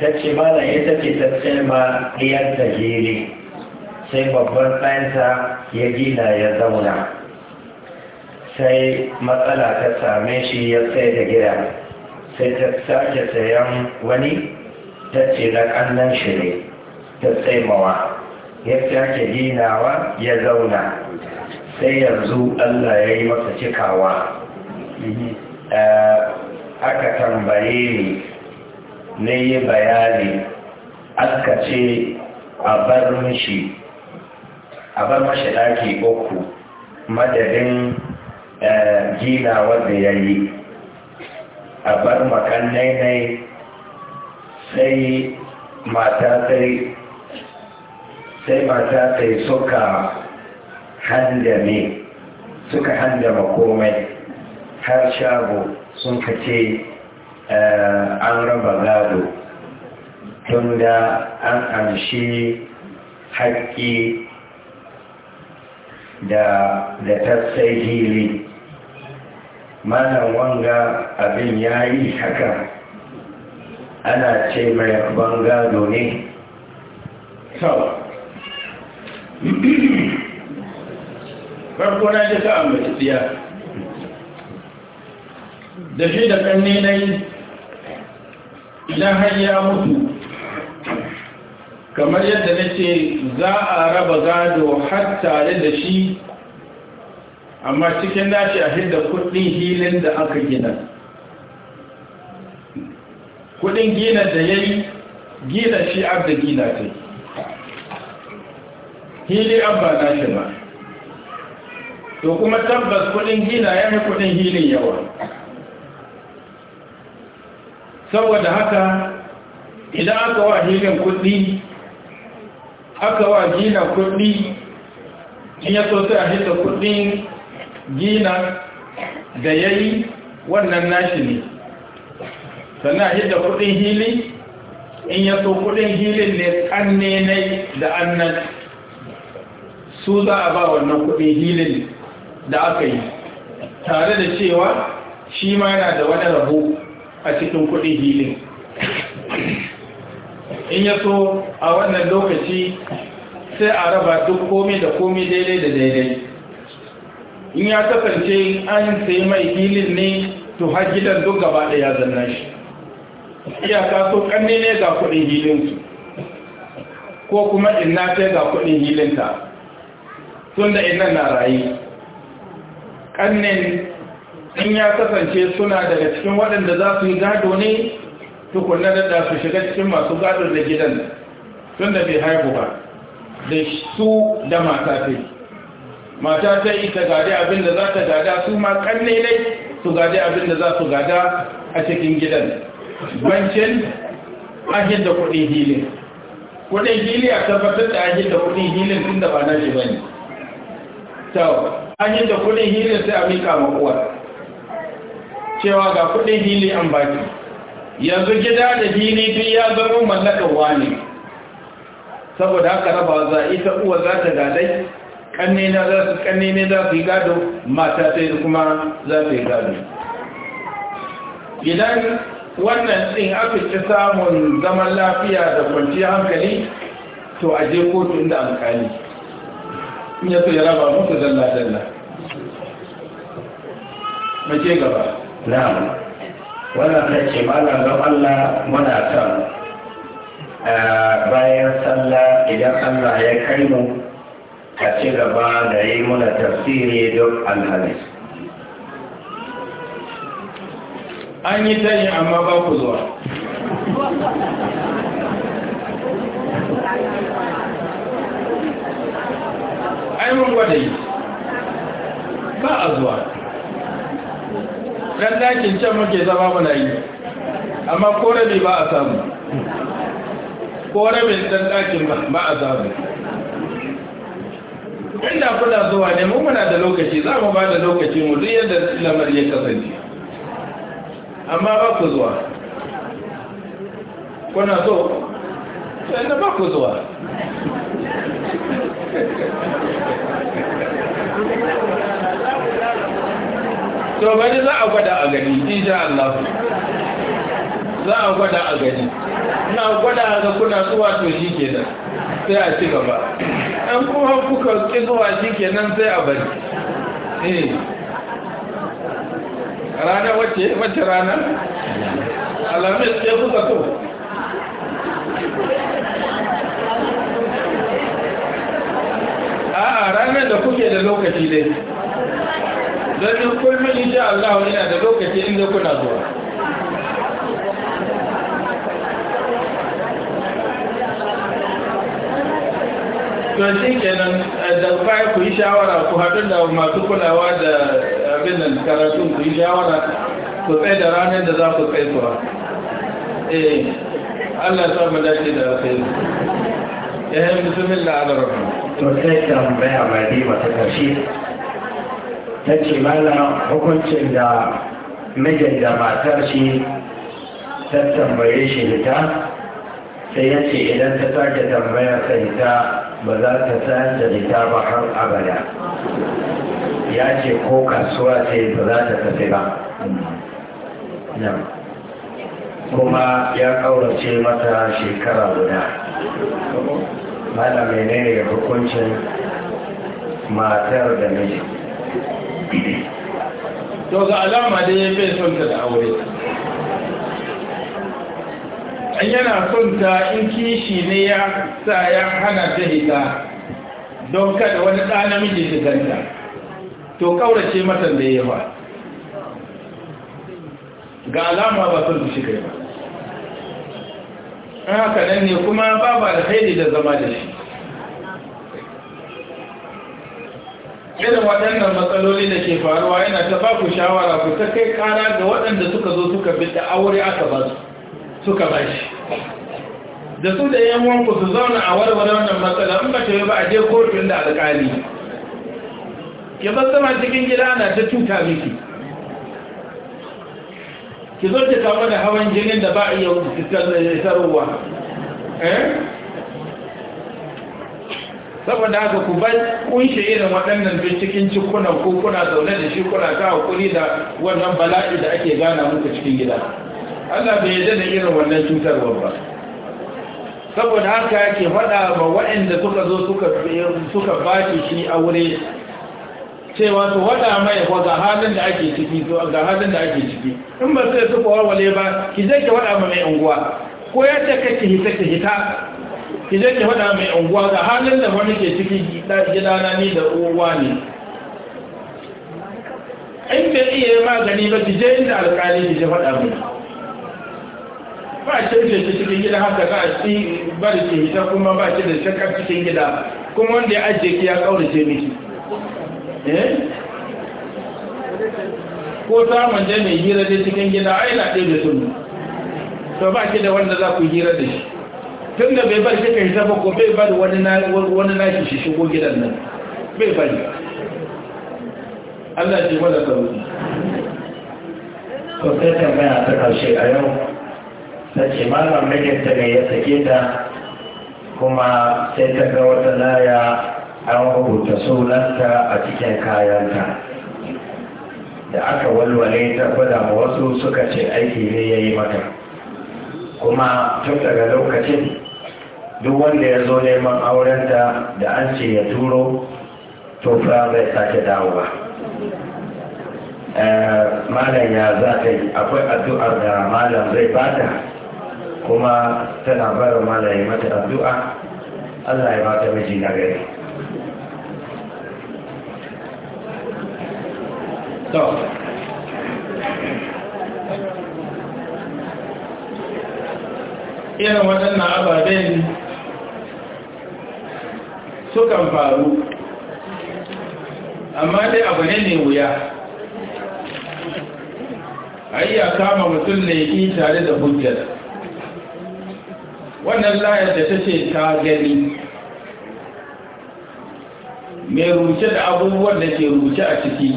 ta ce na ita ce ta ce ma ɗiyar jere sai babban ɗansa ya gina ya zauna sai matsala ta same shi ya sai da gida sai ta sake sayan wani ta ce na ƙannan shi ne ta tsaimawa ya sake ginawa ya zauna sai yanzu allah ya yi masa cikawa mhm. eh, aka tambaye ni ne yi bayani aka ce a bar mashi a bar mashi ɗaki uku madadin eh, gina wanda ya yi a bar makannai ne sai mata sai sai mata sai suka handame suka handama komai har shago sun kace Eh, an raba gado tun da an amshi haƙƙi da tatsai hili malam wanga abin ya yi haka ana ce mai gado ne sau farko na ji ka amince da shi da ƙanni na yi idan har ya mutu kamar yadda na ce za a raba gado har tare da shi amma cikin nashi a hidda kudin hilin da aka gina kudin gina da ya yi gina shi abda gina ta hili abba na shi ba to kuma tabbas kudin gina ya yi kudin hilin yawa saboda haka idan aka wa hilin kudi aka wa gina kudi in ya so sai a hita kudin gina da ya yi wannan nashi ne sannan a hita kudin hili in ya so kudin hilin ne ƙanne ne da annan su za a ba wannan kudin hilin da aka yi tare da cewa shi ma yana da wani rabo a cikin kuɗin hilin in ya so a wannan lokaci sai a raba duk komai da komai daidai da daidai in ya kasance an sai mai hilin ne to har gidan duk gaba da ya zanna shi iyaka so kanne ne ga kuɗin hilinsu ko kuma inna ta ga kuɗin hilinta tun da inna na rayu kannin in ya kasance suna daga cikin waɗanda za su yi gado ne tukunan da su shiga cikin masu gado da gidan tun da bai haihu ba da su da mata ta yi mata ta yi ta abin da za ta gada su ma kanne ne su gada abin da za su gada a cikin gidan bancin ahin da kuɗin hilin kuɗin hili a tabbatar da ahin da kuɗin hilin tun da ba na shi ba ne ahin da kuɗin hilin sai a mika ma cewa ga kudin hili an baki yanzu gida da hili duk ya zama mallakar wani saboda haka raba za ita uwa za ta gadai kanne na za su kanne ne za su yi gado mata sai kuma za su yi gado idan wannan tsin aka ci samun zaman lafiya da kwanciyar hankali to a je kotu inda alkali in ya so ya raba musu zalla zalla mace gaba na'am wannan ta ce malam don Allah muna son bayan sallah idan Allah ya kai mu a ci gaba da yi muna tafsiri duk alhamis an yi ta yi amma ba ku zuwa ai mun gwada ba a zuwa dan dakin can muke zama muna yi amma ko ba a samu ko rabin dan dakin ba a samu inda kuna zuwa ne mu muna da lokaci za mu ba da lokaci mu duk yadda lamar ya kasance amma ba ku zuwa kuna so sai ba ku zuwa to bari za a gwada a gani insha Allah za a gwada a gani na gwada ga kuna zuwa to shi kenan sai a ci gaba an kuma kuka ki zuwa shi kenan sai a bari eh rana wacce wacce rana alamis ke kuka to a'a ranar da kuke da lokaci dai don in kulmin insha Allah ina da lokaci inda kuna zuwa to shi kenan da baya ku yi shawara ku haɗu da masu kulawa da abin da karatun ku yi shawara ku tsaye da ranar da za ku kai suwa eh Allah sa mu dace da kai ya yi musulmin la'adar rabu to sai tambaya mai ba ta karshe ta ce mana hukuncin da mijin da matar shi ta tambaye shi ta, sai ya ce idan ta sake tambayar sa hita ba za ta sayar da hita ba har abada ya ce ko kasuwa sai ba za ta tafi ba kuma ya kaurace mata shekara guda mana menene hukuncin matar da miji to ga alama da ya bai son ta da aure an yana son ta in kishi ne ya sa ya hana ta hita don kada wani ɗa miji ta ganta to kaurace mata da ya ba. ga alama ba son su shiga ba haka nan ne kuma babu alheri da zama da shi irin waɗannan matsaloli da ke faruwa yana ta ba ku shawara ku ta kai kara ga waɗanda suka zo suka bi da aure aka ba su suka ba shi da su da yan wanku su zauna a warware wannan matsala in ba ta yi ba a je kotun da alƙali ki ba sama cikin gida ana ta cuta miki ki zo ki kama da hawan jinin da ba a iya sarwa eh saboda haka ku bai kunshe irin waɗannan binciken cikuna cikunan ku kuna zaune da shi kuna ta hukuri da wannan bala'i da ake gana muku cikin gida Allah bai yarda da irin wannan cutar ba saboda haka yake faɗa ba waɗanda suka zo suka baki shi aure cewa su waɗa mai ko ga halin da ake ciki ga halin da ake ciki in ba sai su warware ba ki je ki waɗa mai unguwa ko ya ce kake hita hita ki je ki faɗa mai unguwa ga halin da wani ke ciki na ni da uwa ne in bai iya magani ba ki je inda alƙali ki je faɗa mai ba ce ce ki cikin gida haka za a ci bari ke hita kuma ba ce da shakar cikin gida kuma wanda ya ajiye ki ya ce miki eh? ko samun da mai hira da cikin gida ai yana ɗaya da sun to ba ke da wanda za ku hira da shi tun da bai bari suka hita bako, bai bari wani nashi shi shigo gidan nan bai bari Allah ce mana sauri ko sai tambaya ta karshe a yau ta ce malam mijinta ne ya sake ta kuma sai ta ga wata laya an rubuta sunanta a cikin kayanta da aka walwale ta gwada wasu suka ce aiki ne ya yi mata kuma tun daga lokacin duk wanda ya zo neman aurenta da an ce ya turo to fa zai sake dawowa eh, malam ya za ta yi akwai addu'ar da malam zai bata kuma tana bara malam ya mata addu'a allah ya bata miji na gari irin waɗannan ababen sukan faru amma dai abu ne ne wuya ayya kama mutum ne yi tare da hujjar wannan layar da ta ce ta gani mai ruce da abubuwan da ke ruce a ciki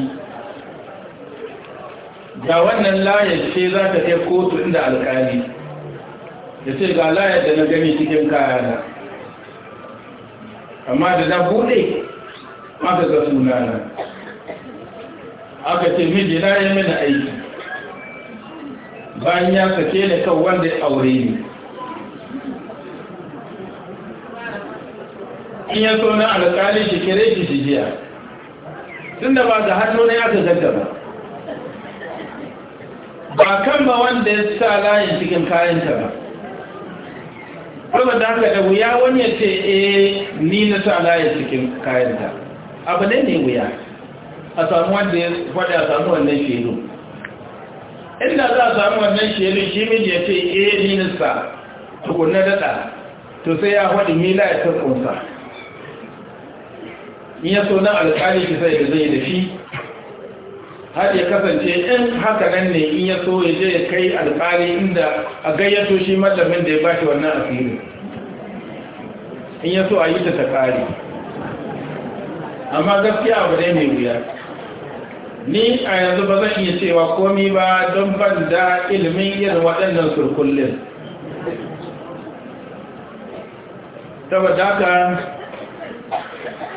da wannan layar ce za ta kai kotu inda alkali da ce ga layar da na gani cikin kayana amma da na bude aka ga sunana aka ce mai na yi mini aiki bayan ya sake ni kan wanda ya aure ni in ya so na alƙali shi kere shi shi jiya tun da ba da hannu na ya ta zaddaba ba kan ba wanda ya sa layin cikin kayanta ba da haka da wuya wani ya ce eh ni na sa ya cikin kayan ta abu ne ne wuya a samu wanda ya faɗi a samu wannan shedu inda za a samu wannan shedu shi miji ya ce eh ni na sa tukunna daɗa to sai ya faɗi mila ya turkunsa in ya so na alƙali shi sai da zai da shi har ya kasance in haka nan ne in ya so ya je ya kai alƙali inda a gayyato shi mallamin da ya bashi wannan asiri in ya so a yi ta ta ƙari amma gaskiya abu ne mai wuya ni a yanzu ba zan iya cewa komi ba don ban da ilimin irin waɗannan surkullin saboda ka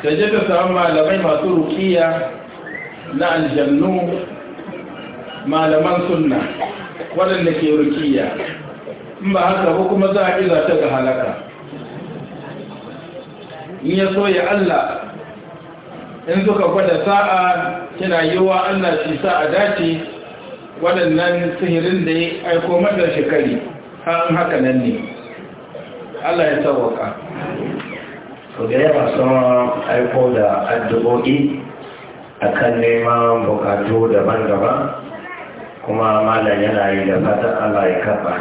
da je ta samu malamai masu rukiya na aljannu malaman sunna waɗanda ke rukiya in ba haka ba kuma za a iza ta ga halaka in ya so ya Allah in suka gwada sa'a kina yi wa Allah shi sa'a dace waɗannan sihirin da ya aiko maɗar shekari an haka nan ne Allah ya tsawaka. Ku da yawa sun aiko da addu'o'i akan neman bukatu daban-daban kuma malam yana yi da fatan Allah ya karba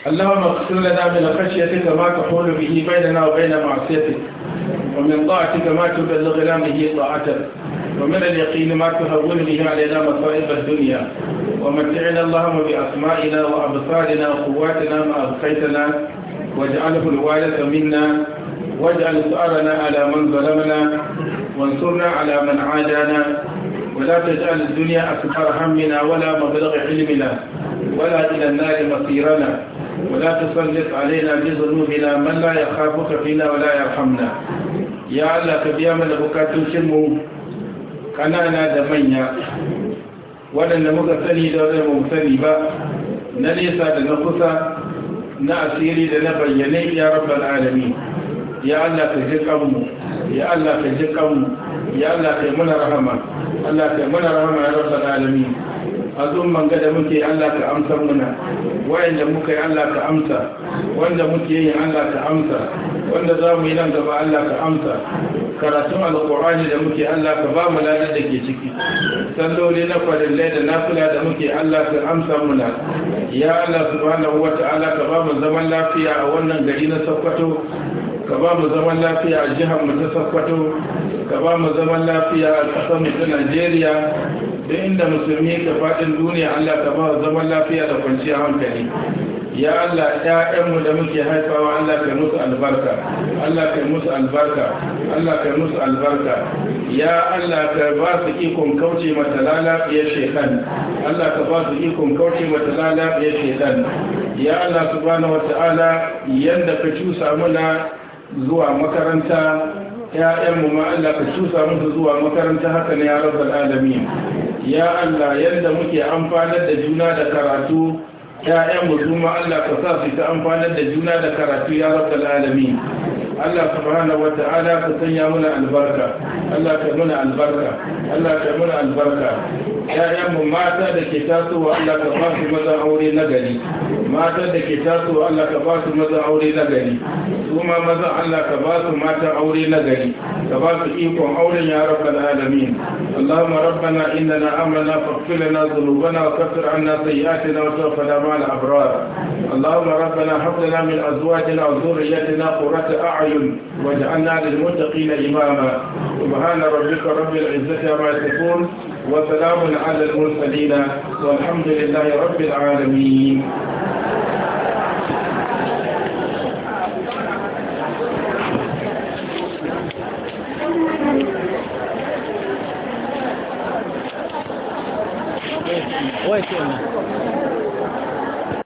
اللهم اغفر لنا من خشيتك ما تحول به بيننا وبين معصيتك ومن طاعتك ما تبلغنا به طاعتك ومن اليقين ما تهون به علينا مصائب الدنيا ومتعنا اللهم بأسمائنا وأبصارنا وقواتنا ما أبقيتنا واجعله الوارث منا واجعل سؤالنا على من ظلمنا وانصرنا على من عادانا ولا تجعل الدنيا أكبر همنا ولا مبلغ علمنا ولا إلى النار مصيرنا ولا تسلط علينا بذنوبنا من لا يخافك فينا ولا يرحمنا يا الله كبيا من بكاتو شمو كانانا دميا ولن مغسلي دولة مغسلي با نليسا لنقصا نأسيري لنبيني يا رب العالمين ya Allah ka ji kanmu ya Allah ka ji kanmu ya Allah ka yi mana rahama Allah ka yi mana rahama ya rabbal alamin azumman gada muke Allah ka amsa muna wayanda muka yi Allah ka amsa wanda muke yi Allah ka amsa wanda za mu yi nan gaba Allah ka amsa karatun alkur'ani da muke Allah ka ba mu ladar da ke ciki salloli na farillai da nafila da muke Allah ka amsa muna ya Allah subhanahu wata'ala ka ba mu zaman lafiya a wannan gari na Sokoto ka ba mu zaman lafiya a jihar mu ta sakkwato ka ba mu zaman lafiya a ƙasar mu ta najeriya da inda musulmi ka faɗin duniya allah ka ba mu zaman lafiya da kwanciyar hankali ya Allah ƴaƴanmu da muke haifawa Allah kai musu albarka Allah kai musu albarka Allah kai musu albarka ya Allah ka ba su ikon kauce mata lalafiyar shekan Allah ka ba su ikon kauce mata lalafiyar shekan ya Allah subhanahu wata'ala yanda ka cusa muna zuwa makaranta ‘ya'yanmu ma Allah ka cusa musu zuwa makaranta haka ne ya rabar alamin ya Allah yadda muke amfanar da juna da karatu ‘ya'yanmu su ma Allah ka sa su ta amfanar da juna da karatu ya rabar alamin Allah subhanahu wata'ala ka sanya muna albarka Allah ka muna albarka Allah ka muna albarka ƴaƴan mu mata da ke tasowa Allah ka ba su maza aure na gari mata da ke tasowa Allah ka ba su maza aure na gari su ma maza Allah ka ba su mata aure na gari ka ba su ikon auren ya rabba rabbal alamin اللهم ربنا إننا أمرنا فاغفر لنا ذنوبنا وكفر عنا سيئاتنا وتوفنا مع الأبرار اللهم ربنا حفظنا من أزواجنا وذريتنا قرة أعين رجل واجعلنا للمتقين إماما سبحان ربك رب العزة عما يصفون وسلام على المرسلين والحمد لله رب العالمين Wait